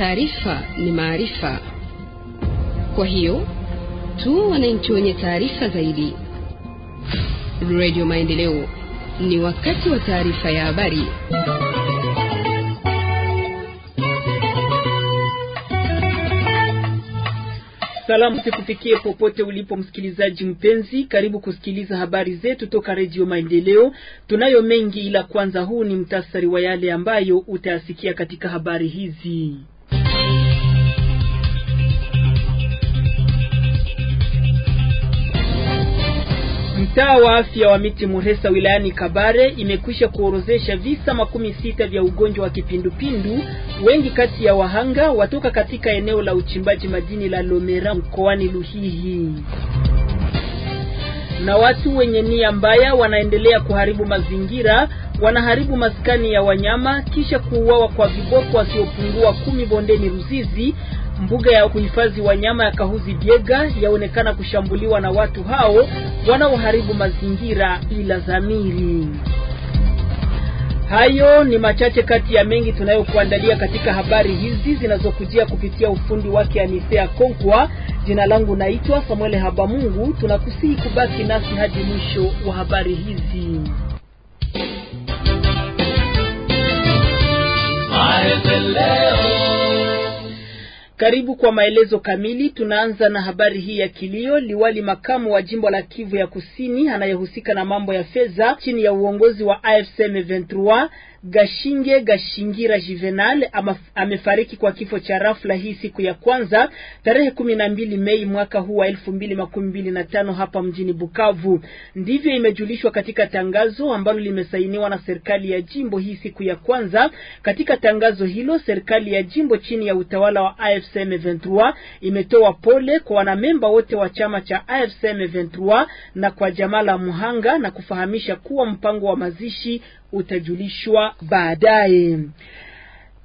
taarifa ni maarifa. Kwa hiyo tu wananchi wenye taarifa zaidi. Radio Maendeleo, ni wakati wa taarifa ya habari. Salamu zikufikie popote ulipo msikilizaji mpenzi, karibu kusikiliza habari zetu toka Redio Maendeleo. Tunayo mengi, ila kwanza huu ni mtasari wa yale ambayo utayasikia katika habari hizi. Mtaa wa afya wa Miti Muresa wilayani Kabare imekwisha kuorozesha visa makumi sita vya ugonjwa wa kipindupindu. Wengi kati ya wahanga watoka katika eneo la uchimbaji madini la Lomera mkoani Luhihi na watu wenye nia mbaya wanaendelea kuharibu mazingira, wanaharibu maskani ya wanyama, kisha kuuawa kwa viboko wasiopungua kumi bondeni Ruzizi. Mbuga ya kuhifadhi wanyama ya Kahuzi Biega yaonekana kushambuliwa na watu hao wanaoharibu mazingira bila dhamiri. Hayo ni machache kati ya mengi tunayokuandalia katika habari hizi zinazokujia kupitia ufundi wake Anisea Konkwa. Jina langu naitwa Samuel Habamungu. Tunakusihi kubaki nasi hadi mwisho wa habari hizi. Karibu kwa maelezo kamili. Tunaanza na habari hii ya kilio. Liwali makamu wa jimbo la Kivu ya Kusini anayehusika na mambo ya fedha chini ya uongozi wa AFC M23 Gashinge Gashingira Juvenal amefariki kwa kifo cha rafla hii siku ya kwanza tarehe kumi na mbili Mei mwaka huu wa elfu mbili makumi mbili na tano hapa mjini Bukavu. Ndivyo imejulishwa katika tangazo ambalo limesainiwa na serikali ya jimbo hii siku ya kwanza. Katika tangazo hilo, serikali ya jimbo chini ya utawala wa AFC M23 imetoa pole kwa wanamemba wote wa chama cha AFC M23 na kwa jamaa la na kufahamisha kuwa mpango wa mazishi utajulishwa baadaye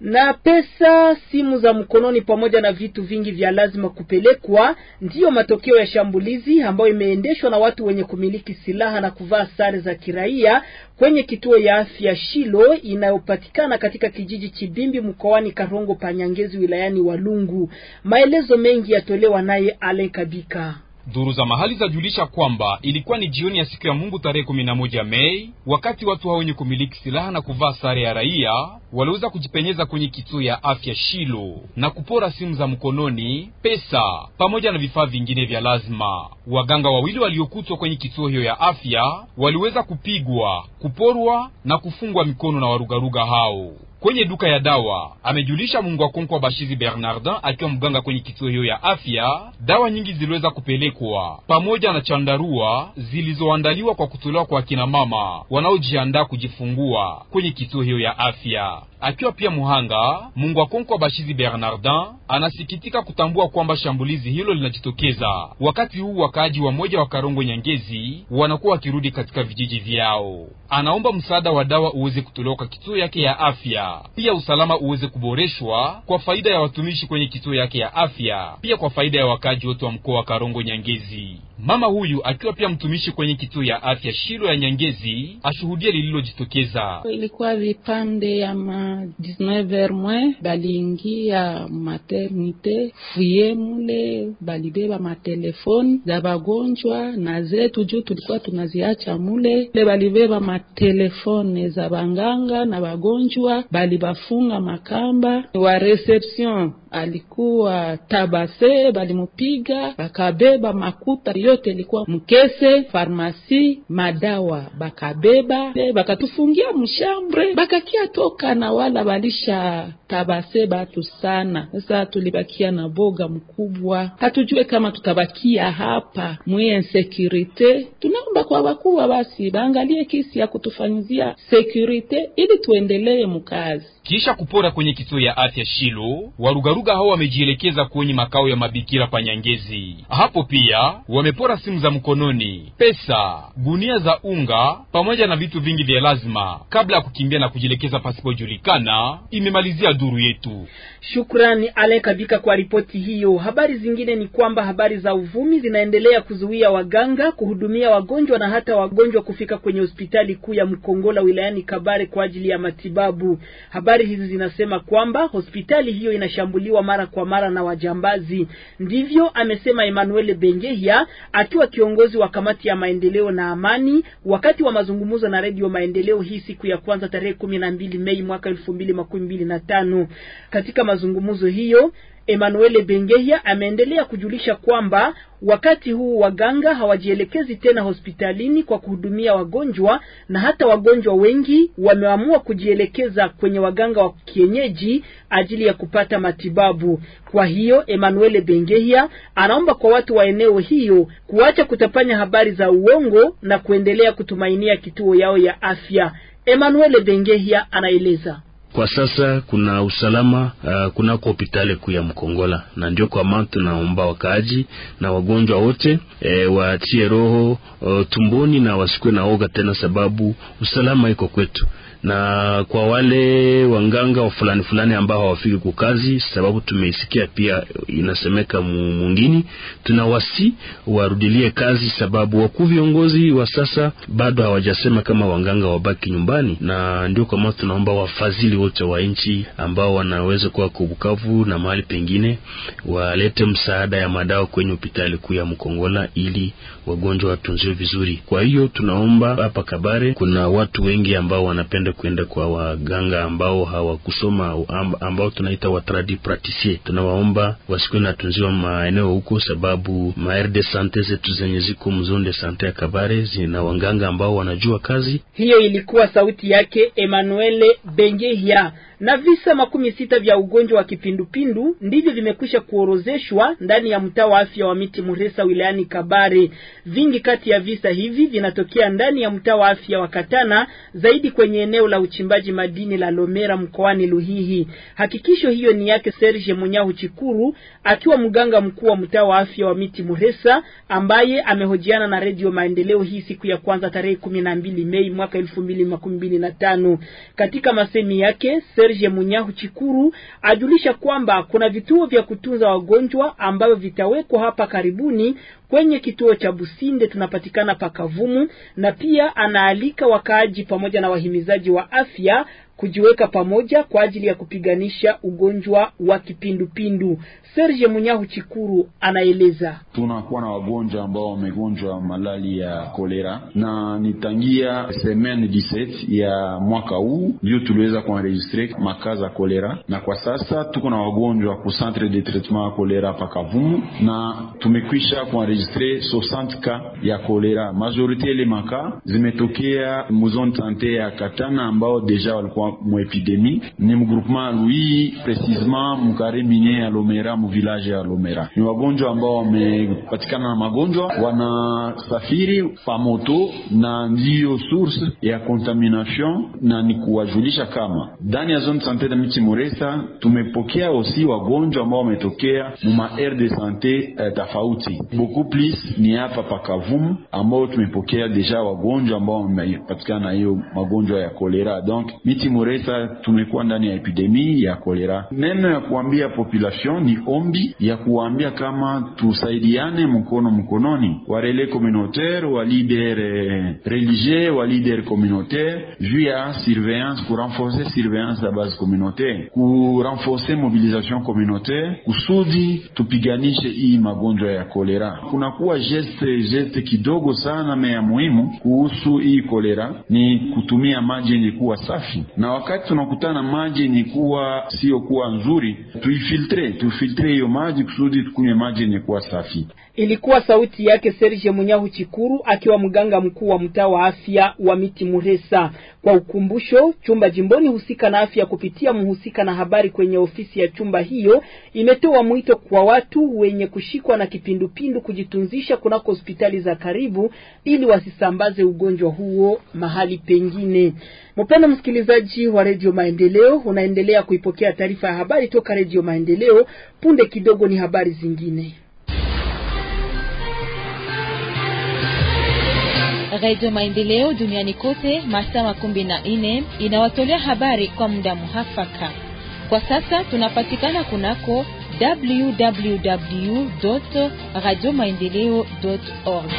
na pesa, simu za mkononi pamoja na vitu vingi vya lazima kupelekwa, ndiyo matokeo ya shambulizi ambayo imeendeshwa na watu wenye kumiliki silaha na kuvaa sare za kiraia kwenye kituo ya afya Shilo inayopatikana katika kijiji Chibimbi mkoani Karongo Panyangezi wilayani Walungu. Maelezo mengi yatolewa naye Alain Kabika dhuru za mahali zajulisha kwamba ilikuwa ni jioni ya siku ya Mungu tarehe 11 Mei, wakati watu hao wenye kumiliki silaha na kuvaa sare ya raia waliweza kujipenyeza kwenye kituo ya afya Shilo na kupora simu za mkononi, pesa pamoja na vifaa vingine vya lazima. Waganga wawili waliokutwa kwenye kituo hiyo ya afya waliweza kupigwa, kuporwa na kufungwa mikono na warugaruga hao kwenye duka ya dawa, amejulisha Mungu Akonkwa Bashizi Bernardin akiwa mganga kwenye kituo hiyo ya afya. Dawa nyingi ziliweza kupelekwa pamoja na chandarua zilizoandaliwa kwa kutolewa kwa akina mama wanaojiandaa kujifungua kwenye kituo hiyo ya afya akiwa pia muhanga mungwakonkwa Bashizi Bernardin anasikitika kutambua kwamba shambulizi hilo linajitokeza wakati huu wakaaji wa moja wa Karongo Nyangezi wanakuwa wakirudi katika vijiji vyao. Anaomba msaada wa dawa uweze kutolewa kwa kituo yake ya afya, pia usalama uweze kuboreshwa kwa faida ya watumishi kwenye kituo yake ya afya, pia kwa faida ya wakaaji wote wa mkoa wa Karongo Nyangezi. Mama huyu akiwa pia mtumishi kwenye kituo ya afya Shilo ya Nyangezi ashuhudia lililojitokeza. Ilikuwa vipande ya ma 19h mwe baliingia maternite fuye mule balibeba matelefoni za bagonjwa na zetu juu tulikuwa tunaziacha mule le balibeba matelefone za banganga na bagonjwa balibafunga makamba. Wa reception alikuwa tabase balimupiga bakabeba makuta yote ilikuwa mkese, farmasi, madawa bakabeba, bakatufungia mshambre, bakakia toka na wala balisha tabase batu sana. Sasa tulibakia na boga mkubwa, hatujue kama tutabakia hapa mwi insekurite. Tunaomba kwa wakubwa basi baangalie kisi ya kutufanyizia sekurite ili tuendelee mkazi. Kisha kupora kwenye kituo ya afya Shilo, warugaruga hao wamejielekeza kwenye makao ya mabikira panyangezi. Hapo pia wame walipora simu za mkononi, pesa, gunia za unga pamoja na vitu vingi vya lazima kabla ya kukimbia na kujielekeza pasipojulikana, imemalizia duru yetu. Shukrani Alen Kabika kwa ripoti hiyo. Habari zingine ni kwamba habari za uvumi zinaendelea kuzuia waganga kuhudumia wagonjwa na hata wagonjwa kufika kwenye hospitali kuu ya Mkongola wilayani Kabare kwa ajili ya matibabu. Habari hizi zinasema kwamba hospitali hiyo inashambuliwa mara kwa mara na wajambazi. Ndivyo amesema Emmanuel Bengehia akiwa kiongozi wa kamati ya maendeleo na amani, wakati wa mazungumzo na redio Maendeleo hii siku ya kwanza tarehe kumi na mbili Mei mwaka elfu mbili makumi mbili na tano. Katika mazungumzo hiyo Emmanuel Bengeya ameendelea kujulisha kwamba wakati huu waganga hawajielekezi tena hospitalini kwa kuhudumia wagonjwa, na hata wagonjwa wengi wameamua kujielekeza kwenye waganga wa kienyeji ajili ya kupata matibabu. Kwa hiyo Emmanuel Bengeya anaomba kwa watu wa eneo hiyo kuacha kutapanya habari za uongo na kuendelea kutumainia kituo yao ya afya. Emmanuel Bengeya anaeleza. Kwa sasa kuna usalama uh, kunako hospitali kuu ya Mkongola, na ndio kwa maana tunaomba wakaaji na wagonjwa wote e, waachie roho uh, tumboni na wasikuwe na oga tena, sababu usalama iko kwetu na kwa wale wanganga wa fulani fulani ambao hawafiki kukazi, sababu tumeisikia pia inasemeka mungini, tunawasi warudilie kazi, sababu wakuu viongozi wa sasa bado hawajasema kama wanganga wabaki nyumbani, na ndio kwa maana tunaomba wafadhili wote wa nchi ambao wanaweza kuwa Kubukavu na mahali pengine walete msaada ya madawa kwenye hospitali kuu ya Mkongola ili wagonjwa watunziwe vizuri. Kwa hiyo tunaomba hapa Kabare, kuna watu wengi ambao wanapenda vile kuenda kwa waganga ambao hawakusoma ambao tunaita watradi pratisie. Tunawaomba wasikuwe natunziwa maeneo huko, sababu maire de sante zetu zenye ziko mzoni de sante ya Kabare zina waganga ambao wanajua kazi hiyo. Ilikuwa sauti yake Emmanuel Bengehia na visa makumi sita vya ugonjwa wa kipindupindu ndivyo vimekwisha kuorozeshwa ndani ya mtaa wa afya wa Miti Muresa wilayani Kabare. Vingi kati ya visa hivi vinatokea ndani ya mtaa wa afya wa Katana, zaidi kwenye eneo eneo la uchimbaji madini la Lomera mkoani Luhihi. Hakikisho hiyo ni yake Serge Munyahu Chikuru, akiwa mganga mkuu wa mtaa wa afya wa Miti Muresa, ambaye amehojiana na Redio Maendeleo hii siku ya kwanza tarehe 12 Mei mwaka 2025. Katika masemi yake Serge Munyahu Chikuru ajulisha kwamba kuna vituo vya kutunza wagonjwa ambavyo vitawekwa hapa karibuni kwenye kituo cha Businde tunapatikana pakavumu, na pia anaalika wakaaji pamoja na wahimizaji wa afya kujiweka pamoja kwa ajili ya kupiganisha ugonjwa wa kipindupindu. Serge Munyahu Chikuru anaeleza. Tunakuwa na wagonjwa ambao wamegonjwa malali ya kolera, na nitangia semaine 17 ya mwaka huu ndio tuliweza kuenregistre makaza kolera, na kwa sasa tuko na wagonjwa ku centre de traitement ya kolera pakavumu, na tumekwisha kuanregistre 60 ka ya kolera. Majorite ile maka zimetokea muzone sante ya Katana ambao deja walikuwa mwepidemi ni mgrupema Lui precisement mkare minye Alomera muvillage ya Alomera. Ni wagonjwa ambao wamepatikana na magonjwa, wanasafiri pa moto na ndiyo source ya contamination, na ni kuwajulisha kama ndani ya zone sante ya Miti Muresa tumepokea osi wagonjwa ambao wametokea muma aire de sante eh, tofauti beaucoup plus ni hapa pakavumu ambao tumepokea deja wagonjwa ambao wamepatikana na hiyo magonjwa ya kolera donc Miti kumureta, tumekuwa ndani ya epidemii ya kolera. Neno ya kuambia population ni ombi ya kuambia kama tusaidiane mkono mkononi, wa rele communautaire, wa leader eh, religieux, wa leader communautaire juu ya surveillance, ku renforcer surveillance ya base communautaire, ku renforcer mobilisation communautaire kusudi tupiganishe hii magonjwa ya kolera. Kunakuwa geste geste kidogo sana meya muhimu kuhusu hii kolera ni kutumia maji yenye kuwa safi na na wakati tunakutana maji ni kuwa sio kuwa nzuri, tuifiltre tuifiltre hiyo maji kusudi tukunywe maji yenye kuwa safi. Ilikuwa sauti yake Serge Munyahu Chikuru akiwa mganga mkuu wa mtaa wa afya wa Miti Muresa. Kwa ukumbusho, chumba jimboni husika na afya kupitia mhusika na habari kwenye ofisi ya chumba hiyo imetoa mwito kwa watu wenye kushikwa na kipindupindu kujitunzisha kunako hospitali za karibu ili wasisambaze ugonjwa huo mahali pengine. Mpendwa msikilizaji Msikilizaji wa Redio Maendeleo, unaendelea kuipokea taarifa ya habari toka Redio Maendeleo. Punde kidogo ni habari zingine. Redio Maendeleo duniani kote masaa makumi na nne inawatolea habari kwa muda muhafaka. Kwa sasa tunapatikana kunako www radio maendeleo org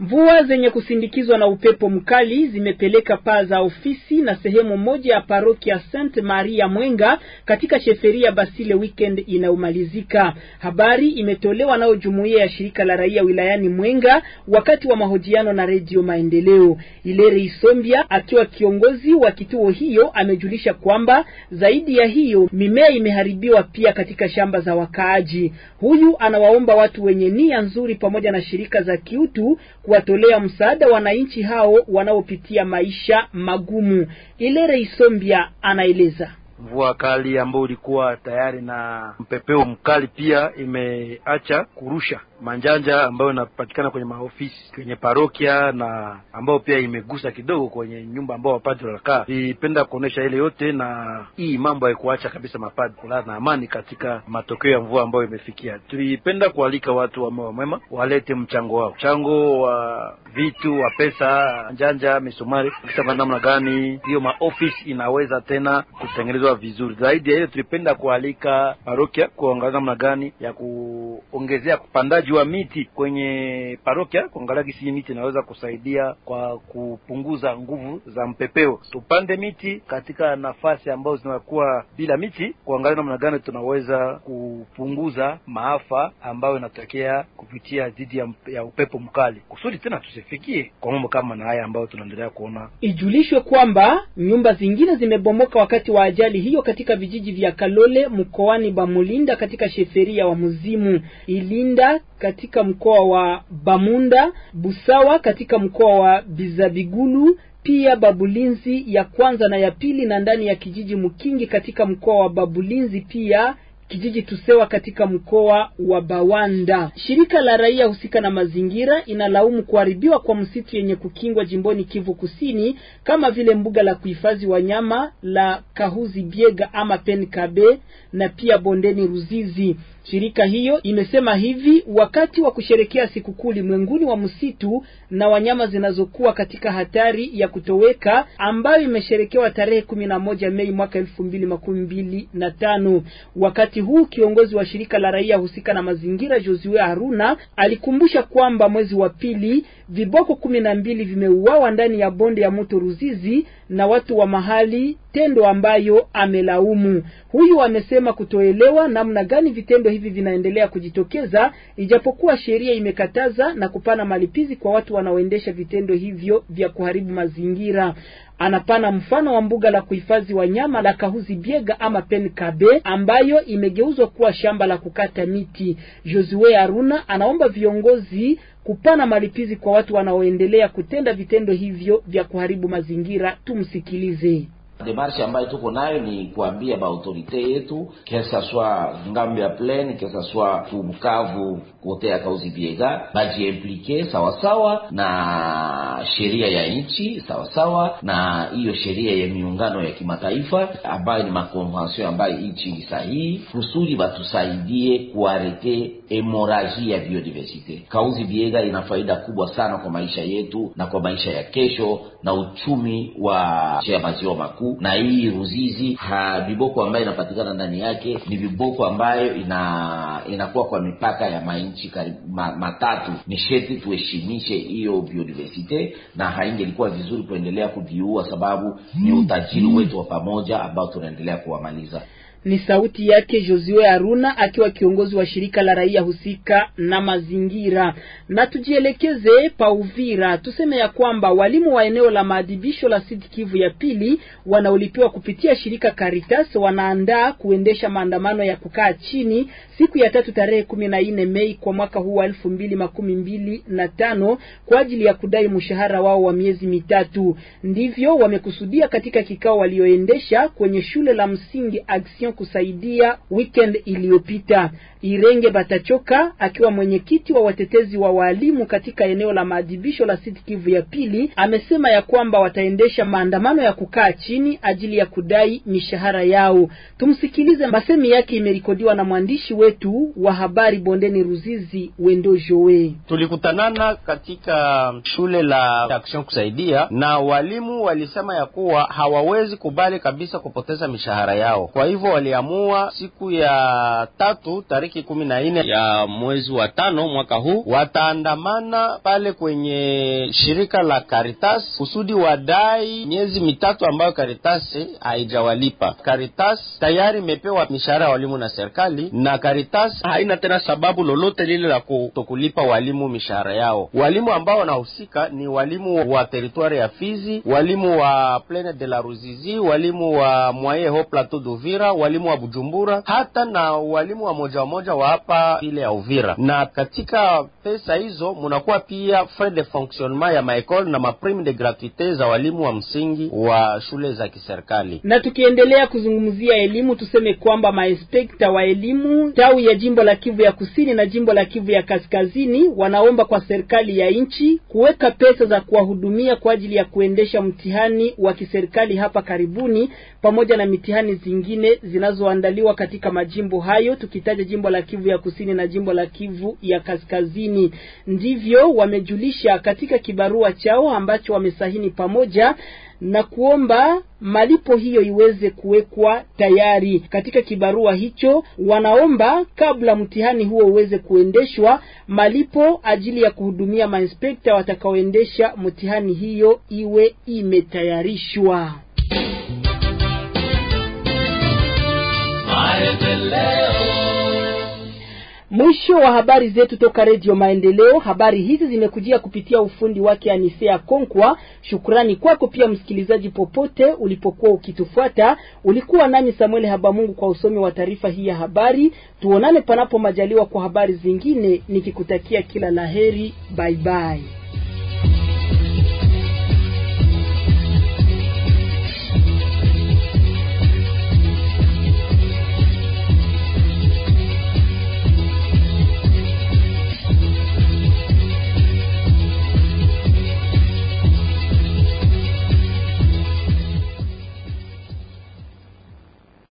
Mvua zenye kusindikizwa na upepo mkali zimepeleka paa za ofisi na sehemu moja ya parokia Saint Maria Mwenga katika sheferia Basile weekend inayomalizika. Habari imetolewa nao jumuiya ya shirika la raia wilayani Mwenga wakati wa mahojiano na redio Maendeleo. Ilere Isombia akiwa kiongozi wa kituo hiyo amejulisha kwamba zaidi ya hiyo mimea imeharibiwa pia katika shamba za wakaaji. Huyu anawaomba watu wenye nia nzuri pamoja na shirika za kiutu kuwatolea msaada wananchi hao wanaopitia maisha magumu. Ilere Isombia anaeleza. Mvua kali ambayo ilikuwa tayari na mpepeo mkali pia imeacha kurusha manjanja ambayo inapatikana kwenye maofisi kwenye parokia na ambayo pia imegusa kidogo kwenye nyumba ambao wapadri wanakaa. Nilipenda kuonesha ile yote, na hii mambo haikuacha kabisa mapadri kulala na amani katika matokeo ya mvua ambayo imefikia. Tulipenda kualika watu wa moyo mwema walete mchango wao, mchango wa vitu, wa pesa, njanja, misumari, kisema namna gani hiyo maofisi inaweza tena kutengenezwa vizuri zaidi. Ya hiyo, tulipenda kualika parokia kuangalia namna gani ya kuongezea kupanda upandaji wa miti kwenye parokia kuangalia gisi miti inaweza kusaidia kwa kupunguza nguvu za mpepeo. Tupande miti katika nafasi ambazo zinakuwa bila miti, kuangalia namna gani tunaweza kupunguza maafa ambayo inatokea kupitia dhidi ya, ya upepo mkali, kusudi tena tusifikie kwa mambo kama na haya ambayo tunaendelea kuona. Ijulishwe kwamba nyumba zingine zimebomoka wakati wa ajali hiyo katika vijiji vya Kalole mkoani Bamulinda katika sheferia wa Muzimu Ilinda katika mkoa wa Bamunda, Busawa katika mkoa wa Bizabigulu pia Babulinzi ya kwanza na ya pili na ndani ya kijiji Mkingi katika mkoa wa Babulinzi pia kijiji Tusewa katika mkoa wa Bawanda. Shirika la raia husika na mazingira inalaumu kuharibiwa kwa msitu yenye kukingwa jimboni Kivu Kusini kama vile mbuga la kuhifadhi wanyama la Kahuzi Biega ama Penkabe na pia bondeni Ruzizi. Shirika hiyo imesema hivi wakati wa kusherekea sikukuu ulimwenguni wa msitu na wanyama zinazokuwa katika hatari ya kutoweka ambayo imesherekewa tarehe kumi na moja Mei mwaka elfu mbili makumi mbili na tano. Wakati huu kiongozi wa shirika la raia husika na mazingira Josue Haruna alikumbusha kwamba mwezi wa pili viboko kumi na mbili vimeuawa ndani ya bonde ya mto Ruzizi na watu wa mahali matendo ambayo amelaumu. Huyu amesema kutoelewa namna gani vitendo hivi vinaendelea kujitokeza, ijapokuwa sheria imekataza na kupana malipizi kwa watu wanaoendesha vitendo hivyo vya kuharibu mazingira. Anapana mfano wa mbuga la kuhifadhi wanyama la Kahuzi Biega ama Penkabe ambayo imegeuzwa kuwa shamba la kukata miti. Josue Aruna anaomba viongozi kupana malipizi kwa watu wanaoendelea kutenda vitendo hivyo vya kuharibu mazingira. Tumsikilize. Demarshe ambayo tuko nayo ni kuambia baautorite yetu kesaswa ngambo ya plaine kesaswa swa Bukavu kote ya kauzi biega bajiimplike sawasawa na sheria ya nchi sawasawa na hiyo sheria ya miungano ya kimataifa ambayo ni makonvension ambayo nchi ni sahihi, kusudi batusaidie kuarete hemoraji ya biodiversite. Kauzi biega ina faida kubwa sana kwa maisha yetu na kwa maisha ya kesho na uchumi wa maziwa makuu makuu na hii ruzizi ha viboko ambayo inapatikana ndani yake ni viboko ambayo ina inakuwa kwa mipaka ya manchi ma, matatu. Ni sheti tuheshimishe hiyo biodiversite, na ilikuwa vizuri kuendelea kuviua, sababu ni utajiri wetu wa pamoja ambao tunaendelea kuwamaliza. Ni sauti yake Josue Aruna akiwa kiongozi wa shirika la raia husika na mazingira. Na tujielekeze pa Uvira, tuseme ya kwamba walimu wa eneo la maadhibisho la Sud Kivu ya pili wanaolipiwa kupitia shirika Caritas wanaandaa kuendesha maandamano ya kukaa chini siku ya tatu tarehe kumi na nne Mei kwa mwaka huu wa elfu mbili makumi mbili na tano kwa ajili ya kudai mshahara wao wa miezi mitatu. Ndivyo wamekusudia katika kikao walioendesha kwenye shule la msingi Action kusaidia weekend iliyopita. Irenge Batachoka akiwa mwenyekiti wa watetezi wa walimu katika eneo la maadhibisho la Sud Kivu ya pili, amesema ya kwamba wataendesha maandamano ya kukaa chini ajili ya kudai mishahara yao. Tumsikilize, masemi yake imerekodiwa na mwandishi wetu wa habari Bondeni Ruzizi Wendo Joe. Tulikutanana katika shule la Action kusaidia na walimu walisema ya kuwa hawawezi kubali kabisa kupoteza mishahara yao, kwa hivyo waliamua siku ya tatu tariki kumi na nne ya mwezi wa tano mwaka huu wataandamana pale kwenye shirika la Caritas kusudi wadai miezi mitatu ambayo Caritas haijawalipa. Caritas tayari imepewa mishahara ya walimu na serikali, na Caritas haina tena sababu lolote lile la kutokulipa walimu mishahara yao. Walimu ambao wanahusika ni walimu wa teritwari ya Fizi, walimu wa Plaine de la Ruzizi, walimu wa Mwaye Ho Plateau d'Uvira, walimu walimu wa Bujumbura hata na walimu wa moja wa moja wa hapa ile ya Uvira. Na katika pesa hizo munakuwa pia frais de fonctionnement ya maekole na maprime de gratuite za walimu wa msingi wa shule za kiserikali. Na tukiendelea kuzungumzia elimu, tuseme kwamba mainspekta wa elimu tawi ya jimbo la Kivu ya Kusini na jimbo la Kivu ya Kaskazini wanaomba kwa serikali ya nchi kuweka pesa za kuwahudumia kwa ajili ya kuendesha mtihani wa kiserikali hapa karibuni pamoja na mitihani zingine zina zinazoandaliwa katika majimbo hayo, tukitaja jimbo la Kivu ya Kusini na jimbo la Kivu ya Kaskazini. Ndivyo wamejulisha katika kibarua chao ambacho wamesahini pamoja na kuomba malipo hiyo iweze kuwekwa tayari. Katika kibarua hicho, wanaomba kabla mtihani huo uweze kuendeshwa, malipo ajili ya kuhudumia mainspekta watakaoendesha mtihani hiyo iwe imetayarishwa. Mwisho wa habari zetu toka Redio Maendeleo. Habari hizi zimekujia kupitia ufundi wake Anisea Konkwa. Shukrani kwako pia msikilizaji, popote ulipokuwa ukitufuata. Ulikuwa nami Samuel Habamungu kwa usomi wa taarifa hii ya habari. Tuonane panapo majaliwa kwa habari zingine, nikikutakia kila laheri. Baibai.